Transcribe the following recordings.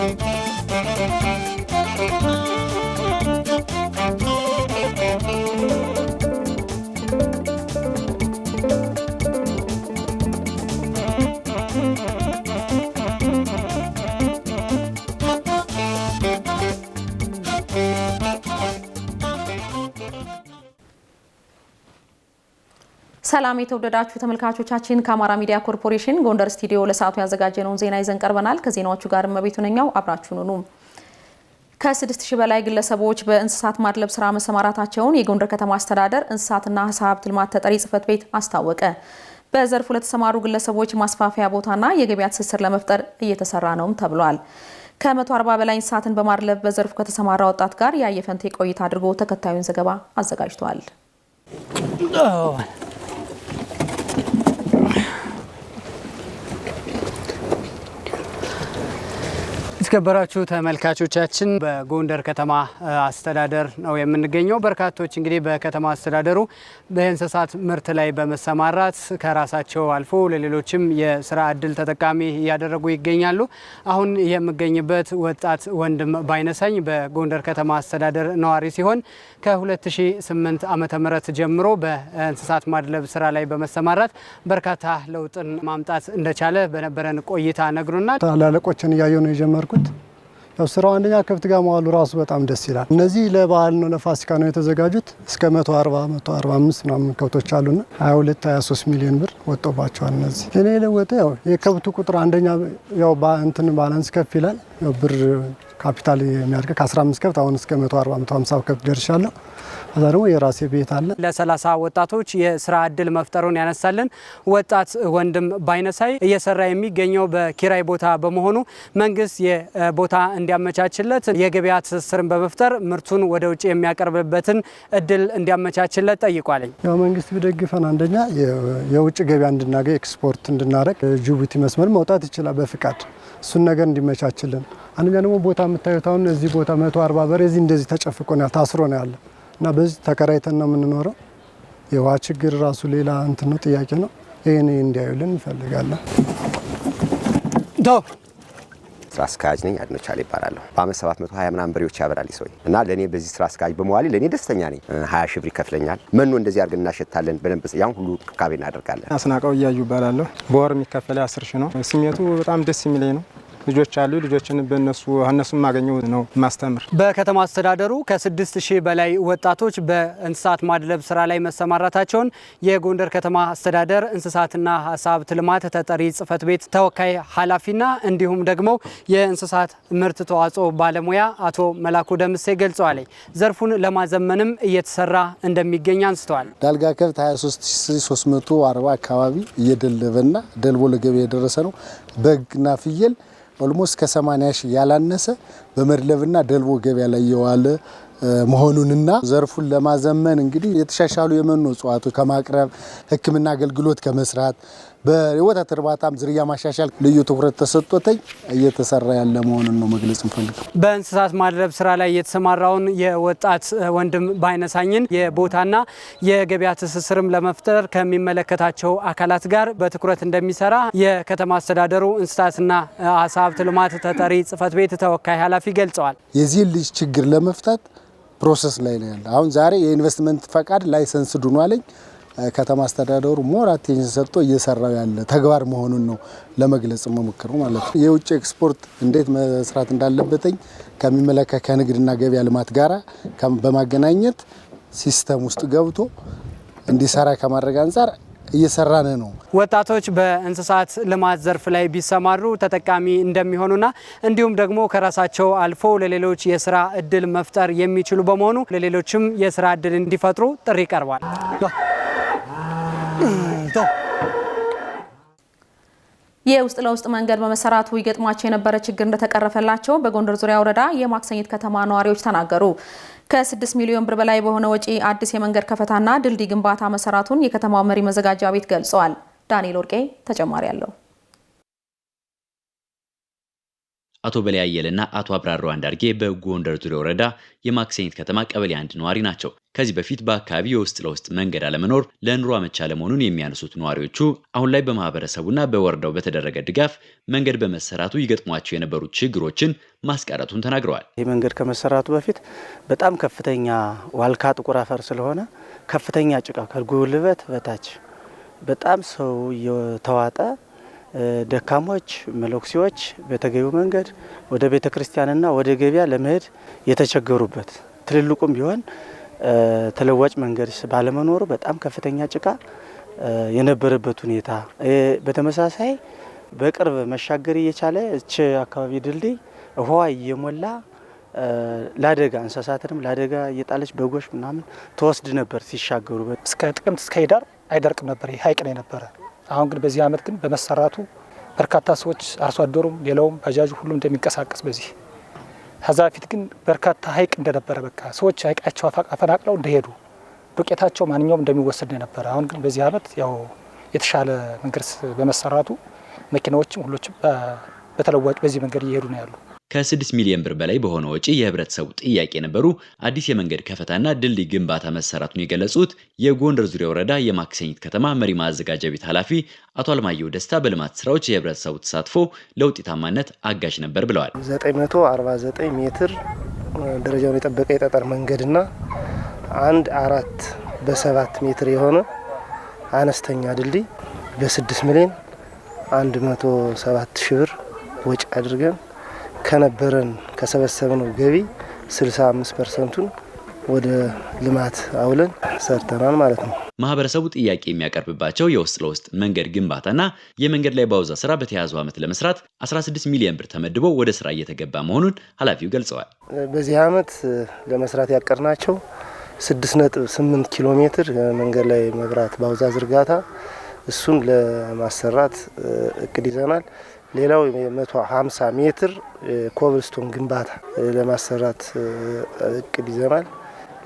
Thank you. ሰላም የተወደዳችሁ ተመልካቾቻችን፣ ከአማራ ሚዲያ ኮርፖሬሽን ጎንደር ስቱዲዮ ለሰዓቱ ያዘጋጀነውን ዜና ይዘን ቀርበናል። ከዜናዎቹ ጋር መቤቱ ነኛው አብራችሁ ኑኑ። ከስድስት ሺህ በላይ ግለሰቦች በእንስሳት ማድለብ ስራ መሰማራታቸውን የጎንደር ከተማ አስተዳደር እንስሳትና ዓሳ ሀብት ልማት ተጠሪ ጽህፈት ቤት አስታወቀ። በዘርፉ ለተሰማሩ ግለሰቦች ማስፋፊያ ቦታና የገበያ ትስስር ለመፍጠር እየተሰራ ነውም ተብሏል። ከ140 በላይ እንስሳትን በማድለብ በዘርፉ ከተሰማራ ወጣት ጋር የአየፈንቴ ቆይታ አድርጎ ተከታዩን ዘገባ አዘጋጅቷል። Thank you. የተከበራችሁ ተመልካቾቻችን በጎንደር ከተማ አስተዳደር ነው የምንገኘው። በርካቶች እንግዲህ በከተማ አስተዳደሩ በእንስሳት ምርት ላይ በመሰማራት ከራሳቸው አልፎ ለሌሎችም የስራ እድል ተጠቃሚ እያደረጉ ይገኛሉ። አሁን የምገኝበት ወጣት ወንድም ባይነሳኝ በጎንደር ከተማ አስተዳደር ነዋሪ ሲሆን ከ2008 ዓ ምህረት ጀምሮ በእንስሳት ማድለብ ስራ ላይ በመሰማራት በርካታ ለውጥን ማምጣት እንደቻለ በነበረን ቆይታ ነግሩናል። ታላላቆችን እያየ ነው የጀመርኩት የሚውሉት። ያው ስራው አንደኛ ከብት ጋር መዋሉ ራሱ በጣም ደስ ይላል። እነዚህ ለበዓል ነው ለፋሲካ ነው የተዘጋጁት። እስከ 140 145 ምናምን ከብቶች አሉና 22 23 ሚሊዮን ብር ወጥቶባቸዋል። እነዚህ እኔ የለወጠ ያው የከብቱ ቁጥር አንደኛ ያው እንትን ባላንስ ከፍ ይላል። ብር ካፒታል የሚያድገ ከ15 ከብት አሁን እስከ 140 150 ከብት ደርሻለሁ። ከዛ ደግሞ የራሴ ቤት አለ። ለሰላሳ ወጣቶች የስራ እድል መፍጠሩን ያነሳልን ወጣት ወንድም ባይነሳይ እየሰራ የሚገኘው በኪራይ ቦታ በመሆኑ መንግስት የቦታ እንዲያመቻችለት የገበያ ትስስርን በመፍጠር ምርቱን ወደ ውጭ የሚያቀርብበትን እድል እንዲያመቻችለት ጠይቋለኝ። ያው መንግስት ቢደግፈን አንደኛ የውጭ ገበያ እንድናገኝ ኤክስፖርት እንድናደረግ ጅቡቲ መስመር መውጣት ይችላል በፍቃድ እሱን ነገር እንዲመቻችልን አንደኛ ደግሞ ቦታ የምታዩት አሁን እዚህ ቦታ መቶ አርባ በሬ እዚህ እንደዚህ ተጨፍቆ ነው ታስሮ ነው ያለ እና በዚህ ተከራይተን ነው የምንኖረው። የውሃ ችግር ራሱ ሌላ እንትን ነው ጥያቄ ነው። ይህን እንዲያዩልን እንፈልጋለን። ስራ አስኪያጅ ነኝ። አድኖቻል ይባላለሁ። በአመት 720 ምናምን በሬዎች ያበላል ሰውዬ እና ለእኔ በዚህ ስራ አስኪያጅ በመዋሌ ለእኔ ደስተኛ ነኝ። 20 ሺህ ብር ይከፍለኛል። መኖ እንደዚህ አድርገን እናሸታለን። በደንብ ያን ሁሉ እንክብካቤ እናደርጋለን። አስናቀው እያዩ ይባላለሁ። በወር የሚከፈለ 10 ሺህ ነው። ስሜቱ በጣም ደስ የሚለኝ ነው። ልጆች አሉ። ልጆችን በነሱ እነሱ ማገኘው ነው ማስተምር። በከተማ አስተዳደሩ ከ ሺህ በላይ ወጣቶች በእንስሳት ማድለብ ስራ ላይ መሰማራታቸውን የጎንደር ከተማ አስተዳደር እንስሳትና ዓሳ ሀብት ልማት ተጠሪ ጽህፈት ቤት ተወካይ ኃላፊና እንዲሁም ደግሞ የእንስሳት ምርት ተዋጽኦ ባለሙያ አቶ መላኩ ደምሴ ገልጸዋል። ዘርፉን ለማዘመንም እየተሰራ እንደሚገኝ አንስተዋል። ዳልጋ ከብት 23340 አካባቢ እየደለበና ደልቦ ለገበያ የደረሰ ነው። በግና ፍየል ኦልሞስት ከ80 ሺህ ያላነሰ በመድለብና ደልቦ ገበያ ላይ የዋለ መሆኑንና ዘርፉን ለማዘመን እንግዲህ የተሻሻሉ የመኖ እጽዋቶች ከማቅረብ ሕክምና አገልግሎት ከመስራት በወተት እርባታም ዝርያ ማሻሻል ልዩ ትኩረት ተሰጥቶተኝ እየተሰራ ያለ መሆኑን ነው መግለጽ እንፈልገው። በእንስሳት ማድረብ ስራ ላይ የተሰማራውን የወጣት ወንድም ባይነሳኝን የቦታና የገበያ ትስስርም ለመፍጠር ከሚመለከታቸው አካላት ጋር በትኩረት እንደሚሰራ የከተማ አስተዳደሩ እንስሳትና አሳ ሀብት ልማት ተጠሪ ጽህፈት ቤት ተወካይ ኃላፊ ገልጸዋል። የዚህ ልጅ ችግር ለመፍታት ፕሮሰስ ላይ ነው ያለ። አሁን ዛሬ የኢንቨስትመንት ፈቃድ ላይሰንስ ዱኗ ከተማ አስተዳደሩ ሞር አቴንሽን ሰጥቶ እየሰራው ያለ ተግባር መሆኑን ነው ለመግለጽ መሞክረው ማለት ነው። የውጭ ኤክስፖርት እንዴት መስራት እንዳለበትኝ ከሚመለከት ከንግድና ገበያ ልማት ጋር በማገናኘት ሲስተም ውስጥ ገብቶ እንዲሰራ ከማድረግ አንጻር እየሰራን ነው። ወጣቶች በእንስሳት ልማት ዘርፍ ላይ ቢሰማሩ ተጠቃሚ እንደሚሆኑና እንዲሁም ደግሞ ከራሳቸው አልፎ ለሌሎች የስራ እድል መፍጠር የሚችሉ በመሆኑ ለሌሎችም የስራ እድል እንዲፈጥሩ ጥሪ ቀርቧል። የውስጥ ለውስጥ መንገድ በመሰራቱ ይገጥሟቸው የነበረ ችግር እንደተቀረፈላቸው በጎንደር ዙሪያ ወረዳ የማክሰኝት ከተማ ነዋሪዎች ተናገሩ። ከ6 ሚሊዮን ብር በላይ በሆነ ወጪ አዲስ የመንገድ ከፈታና ድልድይ ግንባታ መሰራቱን የከተማው መሪ መዘጋጃ ቤት ገልጸዋል። ዳንኤል ወርቄ ተጨማሪ አለው። አቶ በላይ አየለና አቶ አብራሮ አንዳርጌ በጎንደር ዙሪያ ወረዳ የማክሰኝት ከተማ ቀበሌ አንድ ነዋሪ ናቸው። ከዚህ በፊት በአካባቢ የውስጥ ለውስጥ መንገድ አለመኖር ለኑሮ አመቻ ለመሆኑን የሚያነሱት ነዋሪዎቹ አሁን ላይ በማህበረሰቡና በወረዳው በተደረገ ድጋፍ መንገድ በመሰራቱ ይገጥሟቸው የነበሩ ችግሮችን ማስቀረቱን ተናግረዋል። ይህ መንገድ ከመሰራቱ በፊት በጣም ከፍተኛ ዋልካ ጥቁር አፈር ስለሆነ ከፍተኛ ጭቃ ከጉልበት በታች በጣም ሰው እየተዋጠ ደካሞች መለኩሲዎች በተገቢው መንገድ ወደ ቤተ ክርስቲያንና ወደ ገቢያ ለመሄድ የተቸገሩበት ትልልቁም ቢሆን ተለዋጭ መንገድ ባለመኖሩ በጣም ከፍተኛ ጭቃ የነበረበት ሁኔታ፣ በተመሳሳይ በቅርብ መሻገር እየቻለ እች አካባቢ ድልድይ ውሃ እየሞላ ለአደጋ እንስሳትንም ለአደጋ እየጣለች በጎች ምናምን ተወስድ ነበር ሲሻገሩበት። እስከ ጥቅምት እስከ ህዳር አይደርቅም ነበር፣ ሀይቅ ነው የነበረ አሁን ግን በዚህ አመት ግን በመሰራቱ በርካታ ሰዎች አርሶ አደሩም፣ ሌላውም ባጃጁ፣ ሁሉም እንደሚንቀሳቀስ በዚህ ከዛ በፊት ግን በርካታ ሀይቅ እንደነበረ በቃ ሰዎች ሀይቃቸው አፈናቅለው እንደሄዱ ዱቄታቸው ማንኛውም እንደሚወሰድ ነበረ። አሁን ግን በዚህ አመት ያው የተሻለ መንገድ በመሰራቱ መኪናዎችም ሁሎችም በተለዋጭ በዚህ መንገድ እየሄዱ ነው ያሉ። ከ6 ሚሊዮን ብር በላይ በሆነ ወጪ የህብረተሰቡ ጥያቄ የነበሩ አዲስ የመንገድ ከፈታና ድልድይ ግንባታ መሰራቱን የገለጹት የጎንደር ዙሪያ ወረዳ የማክሰኝት ከተማ መሪ ማዘጋጃ ቤት ኃላፊ አቶ አልማየሁ ደስታ በልማት ስራዎች የህብረተሰቡ ተሳትፎ ለውጤታማነት አጋዥ ነበር ብለዋል። 949 ሜትር ደረጃውን የጠበቀ የጠጠር መንገድና አንድ አራት በሰባት ሜትር የሆነ አነስተኛ ድልድይ በ6 ሚሊዮን 107 ሺህ ብር ወጪ አድርገን ከነበረን ከሰበሰብነው ገቢ 65 ፐርሰንቱን ወደ ልማት አውለን ሰርተናል ማለት ነው። ማህበረሰቡ ጥያቄ የሚያቀርብባቸው የውስጥ ለውስጥ መንገድ ግንባታና የመንገድ ላይ ባውዛ ስራ በተያዙ ዓመት ለመስራት 16 ሚሊዮን ብር ተመድቦ ወደ ስራ እየተገባ መሆኑን ኃላፊው ገልጸዋል። በዚህ ዓመት ለመስራት ያቀርናቸው 6.8 ኪሎ ሜትር መንገድ ላይ መብራት ባውዛ ዝርጋታ እሱን ለማሰራት እቅድ ይዘናል። ሌላው የ150 ሜትር ኮብልስቶን ግንባታ ለማሰራት እቅድ ይዘናል።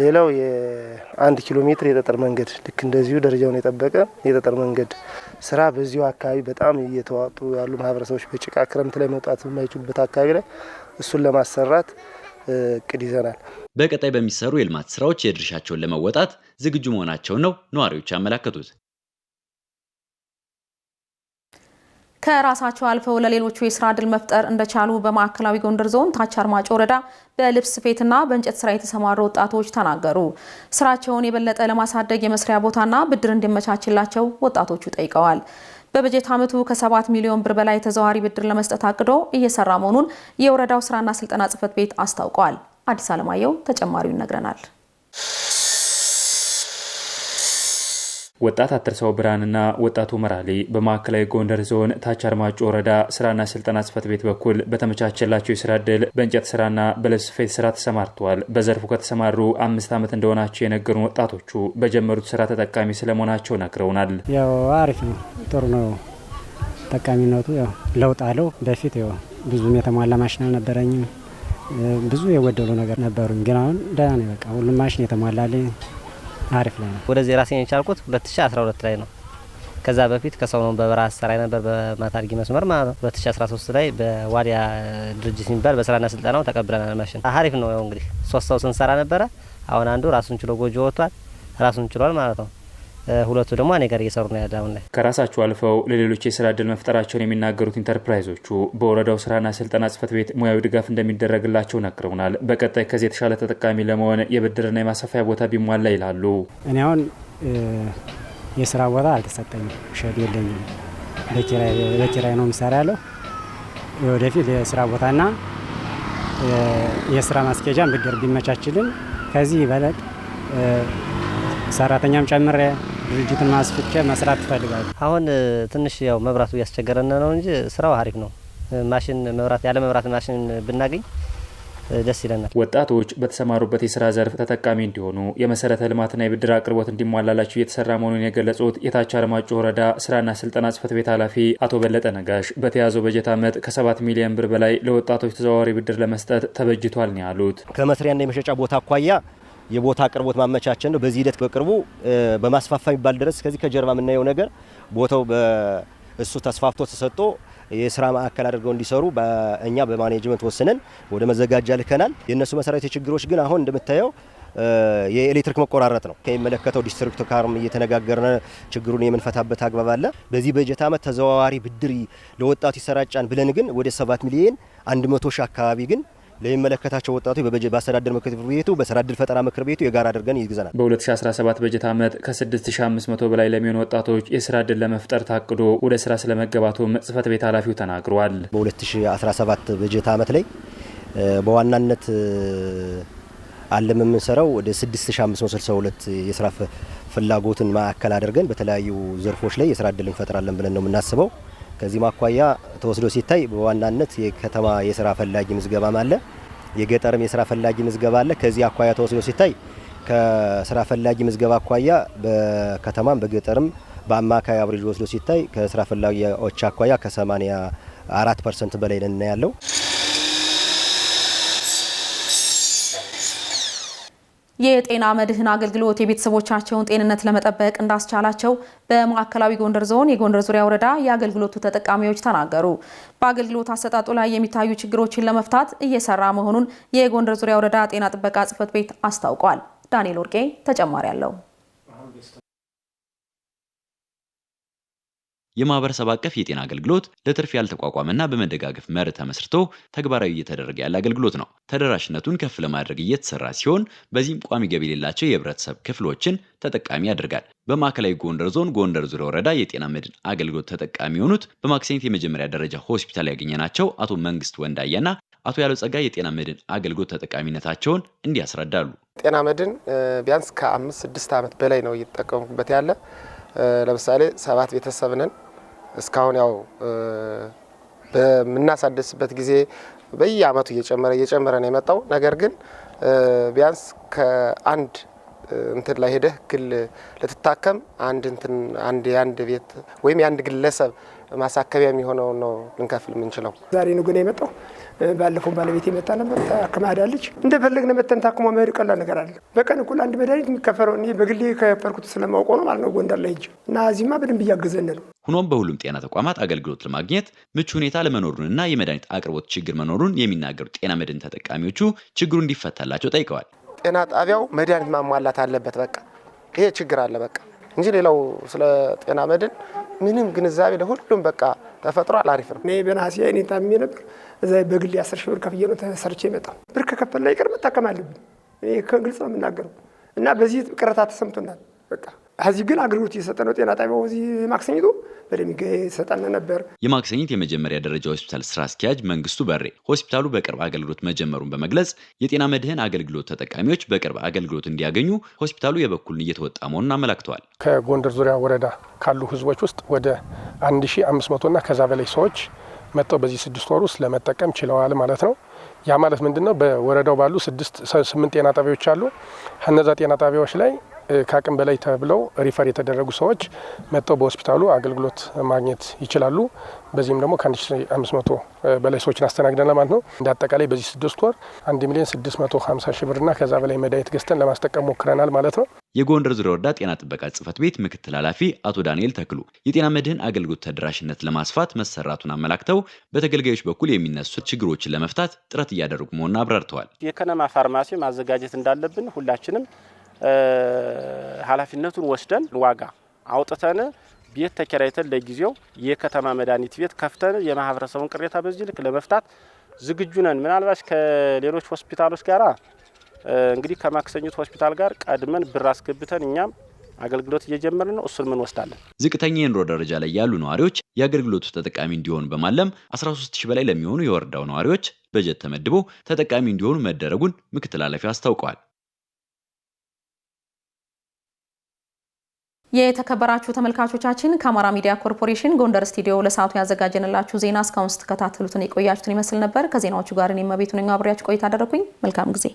ሌላው የአንድ ኪሎ ሜትር የጠጠር መንገድ ልክ እንደዚሁ ደረጃውን የጠበቀ የጠጠር መንገድ ስራ በዚሁ አካባቢ በጣም እየተዋጡ ያሉ ማህበረሰቦች በጭቃ ክረምት ላይ መውጣት የማይችሉበት አካባቢ ላይ እሱን ለማሰራት እቅድ ይዘናል። በቀጣይ በሚሰሩ የልማት ስራዎች የድርሻቸውን ለመወጣት ዝግጁ መሆናቸውን ነው ነዋሪዎች ያመላከቱት። ከራሳቸው አልፈው ለሌሎቹ የስራ ድል መፍጠር እንደቻሉ በማዕከላዊ ጎንደር ዞን ታች አርማጮ ወረዳ በልብስ ስፌትና በእንጨት ስራ የተሰማሩ ወጣቶች ተናገሩ። ስራቸውን የበለጠ ለማሳደግ የመስሪያ ቦታና ብድር እንዲመቻችላቸው ወጣቶቹ ጠይቀዋል። በበጀት ዓመቱ ከሰባት ሚሊዮን ብር በላይ ተዘዋሪ ብድር ለመስጠት አቅዶ እየሰራ መሆኑን የወረዳው ስራና ስልጠና ጽህፈት ቤት አስታውቋል። አዲስ አለማየሁ ተጨማሪው ይነግረናል። ወጣት አትርሰው ብርሃንና ወጣቱ መራሊ በማዕከላዊ ጎንደር ዞን ታች አርማጮ ወረዳ ስራና ስልጠና ጽፈት ቤት በኩል በተመቻቸላቸው የስራ እድል በእንጨት ስራና በልብስ ስፌት ስራ ተሰማርተዋል። በዘርፉ ከተሰማሩ አምስት ዓመት እንደሆናቸው የነገሩን ወጣቶቹ በጀመሩት ስራ ተጠቃሚ ስለመሆናቸው ነግረውናል። ያው አሪፍ ነው፣ ጥሩ ነው። ጠቃሚነቱ ያው ለውጥ አለው። በፊት ያው ብዙም የተሟላ ማሽን አልነበረኝም። ብዙ የጎደሉ ነገር ነበሩኝ፣ ግን አሁን ደህና ነው። በቃ ሁሉም ማሽን የተሟላልኝ አሪፍ ላይ ነው። ወደዚህ ራሴን የቻልኩት 2012 ላይ ነው። ከዛ በፊት ከሰው ነው በበረሃ አሰራይ ነበር በማታርጊ መስመር ማለት ነው። 2013 ላይ በዋሊያ ድርጅት የሚባል በስራና ስልጠናው ተቀብለናል። ማሽን አሪፍ ነው። ያው እንግዲህ ሶስት ሰው ስንሰራ ነበረ። አሁን አንዱ ራሱን ችሎ ጎጆ ወጥቷል። ራሱን ችሏል ማለት ነው። ሁለቱ ደግሞ እኔ ጋር እየሰሩ ነው ያለ ያለው። ከራሳቸው አልፈው ለሌሎች የስራ እድል መፍጠራቸውን የሚናገሩት ኢንተርፕራይዞቹ በወረዳው ስራና ስልጠና ጽህፈት ቤት ሙያዊ ድጋፍ እንደሚደረግላቸው ነግረውናል። በቀጣይ ከዚህ የተሻለ ተጠቃሚ ለመሆን የብድርና የማሰፋያ ቦታ ቢሟላ ይላሉ። እኔ አሁን የስራ ቦታ አልተሰጠኝም፣ ሸድ የለኝም፣ በኪራይ ነው ምሰራ ያለው። ወደፊት የስራ ቦታና የስራ ማስኬጃን ብድር ቢመቻችልን ከዚህ ይበለጥ ሰራተኛም ጨምሬ ድርጅቱን ማስፍቼ መስራት ትፈልጋለሁ። አሁን ትንሽ ያው መብራቱ እያስቸገረን ነው እንጂ ስራው አሪፍ ነው። ማሽን መብራት ያለ መብራት ማሽን ብናገኝ ደስ ይለናል። ወጣቶች በተሰማሩበት የስራ ዘርፍ ተጠቃሚ እንዲሆኑ የመሰረተ ልማትና የብድር አቅርቦት እንዲሟላላቸው እየተሰራ መሆኑን የገለጹት የታች አርማጭሆ ወረዳ ስራና ስልጠና ጽህፈት ቤት ኃላፊ አቶ በለጠ ነጋሽ በተያዘው በጀት ዓመት ከ7 ሚሊዮን ብር በላይ ለወጣቶች ተዘዋዋሪ ብድር ለመስጠት ተበጅቷል ነው ያሉት። ከመስሪያና የመሸጫ ቦታ አኳያ የቦታ አቅርቦት ማመቻቸት ነው። በዚህ ሂደት በቅርቡ በማስፋፋ የሚባል ድረስ ከዚህ ከጀርባ የምናየው ነገር ቦታው እሱ ተስፋፍቶ ተሰጥቶ የስራ ማዕከል አድርገው እንዲሰሩ እኛ በማኔጅመንት ወስነን ወደ መዘጋጃ ልከናል። የእነሱ መሰረታዊ ችግሮች ግን አሁን እንደምታየው የኤሌክትሪክ መቆራረጥ ነው። ከሚመለከተው ዲስትሪክት ካርም እየተነጋገርን ችግሩን የምንፈታበት አግባብ አለ። በዚህ በጀት ዓመት ተዘዋዋሪ ብድር ለወጣቱ ይሰራጫን ብለን ግን ወደ ሰባት ሚሊዮን 100 ሺህ አካባቢ ግን ለሚመለከታቸው ወጣቶች በአስተዳደር ምክር ቤቱ በስራ እድል ፈጠራ ምክር ቤቱ የጋራ አድርገን ይግዘናል በ በ2017 በጀት ዓመት ከ6500 በላይ ለሚሆኑ ወጣቶች የስራ እድል ለመፍጠር ታቅዶ ወደ ስራ ስለመገባቱም ጽህፈት ቤት ኃላፊው ተናግረዋል። በ2017 በጀት ዓመት ላይ በዋናነት አለም የምንሰራው ወደ 6562 የስራ ፍላጎትን ማዕከል አድርገን በተለያዩ ዘርፎች ላይ የስራ እድል እንፈጥራለን ብለን ነው የምናስበው። ከዚህም አኳያ ተወስዶ ሲታይ በዋናነት የከተማ የስራ ፈላጊ ምዝገባም አለ፣ የገጠርም የስራ ፈላጊ ምዝገባ አለ። ከዚህ አኳያ ተወስዶ ሲታይ ከስራ ፈላጊ ምዝገባ አኳያ በከተማም በገጠርም በአማካይ አብሬጅ ወስዶ ሲታይ ከስራ ፈላጊዎች አኳያ ከ84 ፐርሰንት በላይ ነን ያለው። የጤና መድህን አገልግሎት የቤተሰቦቻቸውን ጤንነት ለመጠበቅ እንዳስቻላቸው በማዕከላዊ ጎንደር ዞን የጎንደር ዙሪያ ወረዳ የአገልግሎቱ ተጠቃሚዎች ተናገሩ። በአገልግሎት አሰጣጡ ላይ የሚታዩ ችግሮችን ለመፍታት እየሰራ መሆኑን የጎንደር ዙሪያ ወረዳ ጤና ጥበቃ ጽሕፈት ቤት አስታውቋል። ዳንኤል ወርቄ ተጨማሪ አለው። የማህበረሰብ አቀፍ የጤና አገልግሎት ለትርፍ ያልተቋቋመና በመደጋገፍ መርህ ተመስርቶ ተግባራዊ እየተደረገ ያለ አገልግሎት ነው። ተደራሽነቱን ከፍ ለማድረግ እየተሰራ ሲሆን በዚህም ቋሚ ገቢ የሌላቸው የህብረተሰብ ክፍሎችን ተጠቃሚ ያደርጋል። በማዕከላዊ ጎንደር ዞን ጎንደር ዙሪያ ወረዳ የጤና መድን አገልግሎት ተጠቃሚ የሆኑት በማክሰኝት የመጀመሪያ ደረጃ ሆስፒታል ያገኘናቸው አቶ መንግስት ወንዳያና አቶ ያለው ጸጋ የጤና መድን አገልግሎት ተጠቃሚነታቸውን እንዲያስረዳሉ። ጤና መድን ቢያንስ ከአምስት ስድስት ዓመት በላይ ነው እየተጠቀሙበት ያለ ለምሳሌ ሰባት ቤተሰብ ነን። እስካሁን ያው በምናሳድስበት ጊዜ በየአመቱ እየጨመረ እየጨመረ ነው የመጣው። ነገር ግን ቢያንስ ከአንድ እንትን ላይ ሄደህ ግል ልትታከም አንድ እንትን አንድ የአንድ ቤት ወይም የአንድ ግለሰብ ማሳከቢያ የሚሆነውን ነው ልንከፍል የምንችለው። ዛሬ ነው ግን የመጣው። ባለፈው ባለቤት የመጣ ነበር ታክማ ሄዳለች። እንደፈለግን መተን ታክሞ መሄድ ቀላል ነገር አለ። በቀን እኩል አንድ መድኃኒት የሚከፈለው እኔ በግሌ ከፈርኩት ስለማውቀው ነው ማለት ነው። ጎንደር ላይ ሂጅ እና እዚህማ በደንብ እያገዘን ነው። ሆኖም በሁሉም ጤና ተቋማት አገልግሎት ለማግኘት ምቹ ሁኔታ ለመኖሩንና የመድኃኒት አቅርቦት ችግር መኖሩን የሚናገሩት ጤና መድን ተጠቃሚዎቹ ችግሩ እንዲፈታላቸው ጠይቀዋል። ጤና ጣቢያው መድኃኒት ማሟላት አለበት። በቃ ይሄ ችግር አለ በቃ እንጂ ሌላው ስለ ጤና መድን ምንም ግንዛቤ ለሁሉም በቃ ተፈጥሮ አላሪፍ ነው። እኔ በነሐሴ አይኔ ታምሜ ነበር። እዛ በግል አስር ሺህ ብር ከፍዬ ነው ተሰርቼ የመጣው። ብር ከከፈል ላይ ቅር መታከም አለብን። ግልጽ ነው የምናገረው እና በዚህ ቅረታ ተሰምቶናል በቃ እዚህ ግን አገልግሎት እየሰጠ ነው። ጤና ጣቢያው እዚህ ማክሰኝቱ በደንብ ይሰጠን ነበር። የማክሰኝት የመጀመሪያ ደረጃ ሆስፒታል ስራ አስኪያጅ መንግስቱ በሬ ሆስፒታሉ በቅርብ አገልግሎት መጀመሩን በመግለጽ የጤና መድህን አገልግሎት ተጠቃሚዎች በቅርብ አገልግሎት እንዲያገኙ ሆስፒታሉ የበኩልን እየተወጣ መሆኑን አመላክተዋል። ከጎንደር ዙሪያ ወረዳ ካሉ ህዝቦች ውስጥ ወደ 1500ና ከዛ በላይ ሰዎች መጥተው በዚህ ስድስት ወር ውስጥ ለመጠቀም ችለዋል ማለት ነው። ያ ማለት ምንድን ነው? በወረዳው ባሉ ስምንት ጤና ጣቢያዎች አሉ። ከነዛ ጤና ጣቢያዎች ላይ ከአቅም በላይ ተብለው ሪፈር የተደረጉ ሰዎች መጥተው በሆስፒታሉ አገልግሎት ማግኘት ይችላሉ። በዚህም ደግሞ ከ1500 በላይ ሰዎችን አስተናግደናል ማለት ነው። እንደ አጠቃላይ በዚህ ስድስት ወር 1 ሚሊዮን 650 ብር ብርና ከዛ በላይ መድኃኒት ገዝተን ለማስጠቀም ሞክረናል ማለት ነው። የጎንደር ዙሪያ ወረዳ ጤና ጥበቃ ጽህፈት ቤት ምክትል ኃላፊ አቶ ዳንኤል ተክሉ የጤና መድህን አገልግሎት ተደራሽነት ለማስፋት መሰራቱን አመላክተው በተገልጋዮች በኩል የሚነሱ ችግሮችን ለመፍታት ጥረት እያደረጉ መሆኑን አብራርተዋል። የከነማ ፋርማሲ ማዘጋጀት እንዳለብን ሁላችንም ኃላፊነቱን ወስደን ዋጋ አውጥተን ቤት ተከራይተን ለጊዜው የከተማ መድኃኒት ቤት ከፍተን የማህበረሰቡን ቅሬታ በዚህ ልክ ለመፍታት ዝግጁ ነን። ምናልባት ከሌሎች ሆስፒታሎች ጋር እንግዲህ ከማክሰኝት ሆስፒታል ጋር ቀድመን ብር አስገብተን እኛም አገልግሎት እየጀመርን ነው። እሱን ምን ወስዳለን። ዝቅተኛ የኑሮ ደረጃ ላይ ያሉ ነዋሪዎች የአገልግሎቱ ተጠቃሚ እንዲሆኑ በማለም 13000 በላይ ለሚሆኑ የወረዳው ነዋሪዎች በጀት ተመድቦ ተጠቃሚ እንዲሆኑ መደረጉን ምክትል ኃላፊው አስታውቀዋል። የተከበራችሁ ተመልካቾቻችን ከአማራ ሚዲያ ኮርፖሬሽን ጎንደር ስቱዲዮ ለሰዓቱ ያዘጋጀንላችሁ ዜና እስካሁን ስትከታተሉትን የቆያችሁትን ይመስል ነበር። ከዜናዎቹ ጋር እኔ መቤቱን አብሬያችሁ ቆይታ አደረኩኝ። መልካም ጊዜ